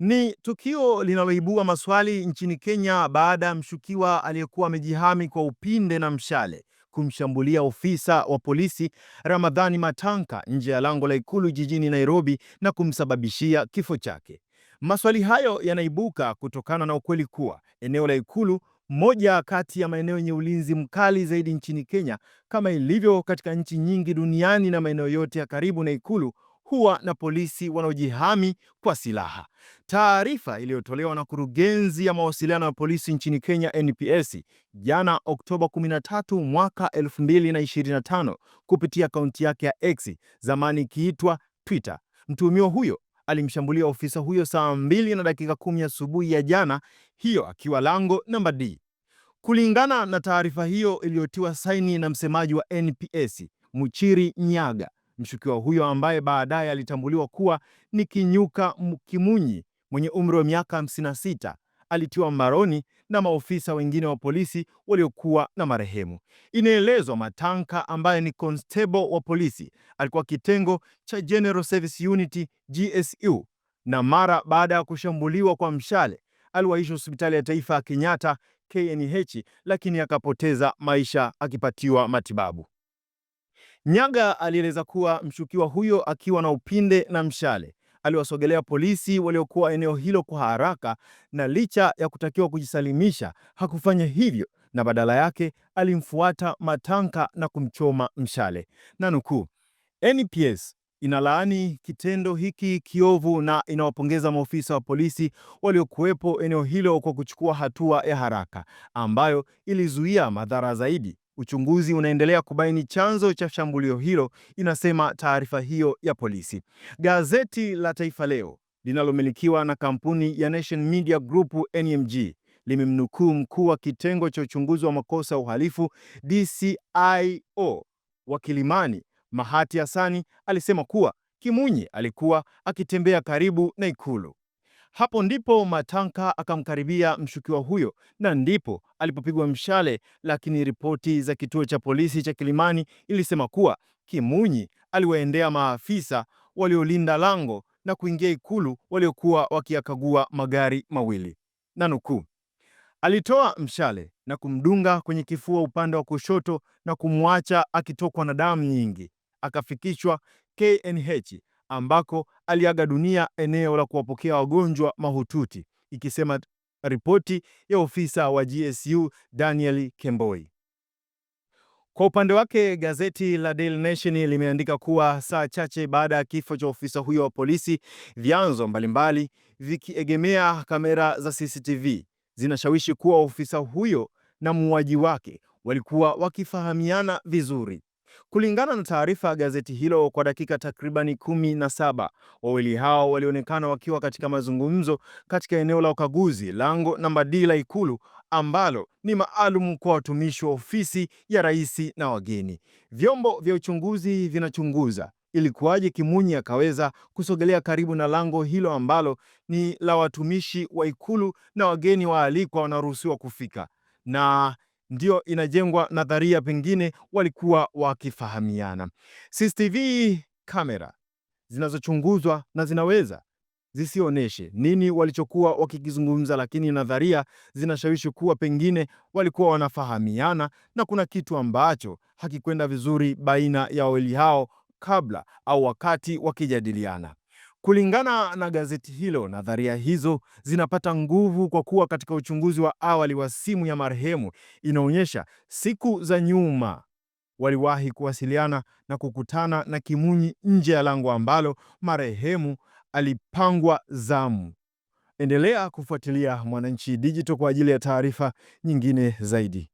Ni tukio linaloibua maswali nchini Kenya baada ya mshukiwa aliyekuwa amejihami kwa upinde na mshale kumshambulia ofisa wa polisi Ramadhani Matanka nje ya lango la Ikulu jijini Nairobi na kumsababishia kifo chake. Maswali hayo yanaibuka kutokana na ukweli kuwa eneo la Ikulu, moja kati ya maeneo yenye ulinzi mkali zaidi nchini Kenya, kama ilivyo katika nchi nyingi duniani na maeneo yote ya karibu na Ikulu huwa na polisi wanaojihami kwa silaha. Taarifa iliyotolewa na Kurugenzi ya Mawasiliano ya Polisi nchini Kenya NPS jana Oktoba 13 mwaka 2025 kupitia akaunti yake ya X, zamani ikiitwa Twitter. Mtuhumiwa huyo alimshambulia ofisa huyo saa 2 na dakika 10 asubuhi ya jana hiyo akiwa lango namba D. Kulingana na taarifa hiyo iliyotiwa saini na msemaji wa NPS Muchiri Nyaga, Mshukiwa huyo ambaye baadaye alitambuliwa kuwa ni Kinyuka Kimunyi mwenye umri wa miaka 56 alitiwa mbaroni na maofisa wengine wa polisi waliokuwa na marehemu. Inaelezwa Matanka ambaye ni constable wa polisi alikuwa kitengo cha General Service Unit GSU, na mara baada ya kushambuliwa kwa mshale aliwaishwa hospitali ya taifa ya Kenyatta KNH, lakini akapoteza maisha akipatiwa matibabu. Nyaga alieleza kuwa mshukiwa huyo akiwa na upinde na mshale aliwasogelea polisi waliokuwa eneo hilo kwa haraka, na licha ya kutakiwa kujisalimisha hakufanya hivyo, na badala yake alimfuata Matanka na kumchoma mshale. Na nukuu, NPS inalaani kitendo hiki kiovu na inawapongeza maofisa wa polisi waliokuwepo eneo hilo kwa kuchukua hatua ya haraka ambayo ilizuia madhara zaidi. Uchunguzi unaendelea kubaini chanzo cha shambulio hilo, inasema taarifa hiyo ya polisi. Gazeti la Taifa Leo linalomilikiwa na kampuni ya Nation Media Group NMG limemnukuu mkuu wa kitengo cha uchunguzi wa makosa ya uhalifu DCIO wa Kilimani, Mahati Hasani, alisema kuwa Kimunyi alikuwa akitembea karibu na Ikulu. Hapo ndipo Matanka akamkaribia mshukiwa huyo na ndipo alipopigwa mshale, lakini ripoti za kituo cha polisi cha Kilimani ilisema kuwa Kimunyi aliwaendea maafisa waliolinda lango na kuingia Ikulu waliokuwa wakiyakagua magari mawili, na nukuu, alitoa mshale na kumdunga kwenye kifua upande wa kushoto na kumwacha akitokwa na damu nyingi, akafikishwa KNH ambako aliaga dunia eneo la kuwapokea wagonjwa mahututi, ikisema ripoti ya ofisa wa GSU Daniel Kemboi. Kwa upande wake gazeti la Daily Nation limeandika kuwa saa chache baada ya kifo cha ofisa huyo wa polisi, vyanzo mbalimbali vikiegemea kamera za CCTV zinashawishi kuwa ofisa huyo na muuaji wake walikuwa wakifahamiana vizuri. Kulingana na taarifa ya gazeti hilo, kwa dakika takribani kumi na saba wawili hao walionekana wakiwa katika mazungumzo katika eneo la ukaguzi lango namba D la Ikulu ambalo ni maalum kwa watumishi wa ofisi ya rais na wageni. Vyombo vya uchunguzi vinachunguza ilikuwaje Kimunyi akaweza kusogelea karibu na lango hilo ambalo ni la watumishi wa Ikulu na wageni waalikwa wanaruhusiwa kufika na ndio inajengwa nadharia, pengine walikuwa wakifahamiana. CCTV kamera zinazochunguzwa na zinaweza zisioneshe nini walichokuwa wakikizungumza, lakini nadharia zinashawishi kuwa pengine walikuwa wanafahamiana na kuna kitu ambacho hakikwenda vizuri baina ya wawili hao kabla au wakati wakijadiliana. Kulingana na gazeti hilo, nadharia hizo zinapata nguvu kwa kuwa katika uchunguzi wa awali wa simu ya marehemu inaonyesha siku za nyuma waliwahi kuwasiliana na kukutana na Kimunyi nje ya lango ambalo marehemu alipangwa zamu. Endelea kufuatilia Mwananchi Digital kwa ajili ya taarifa nyingine zaidi.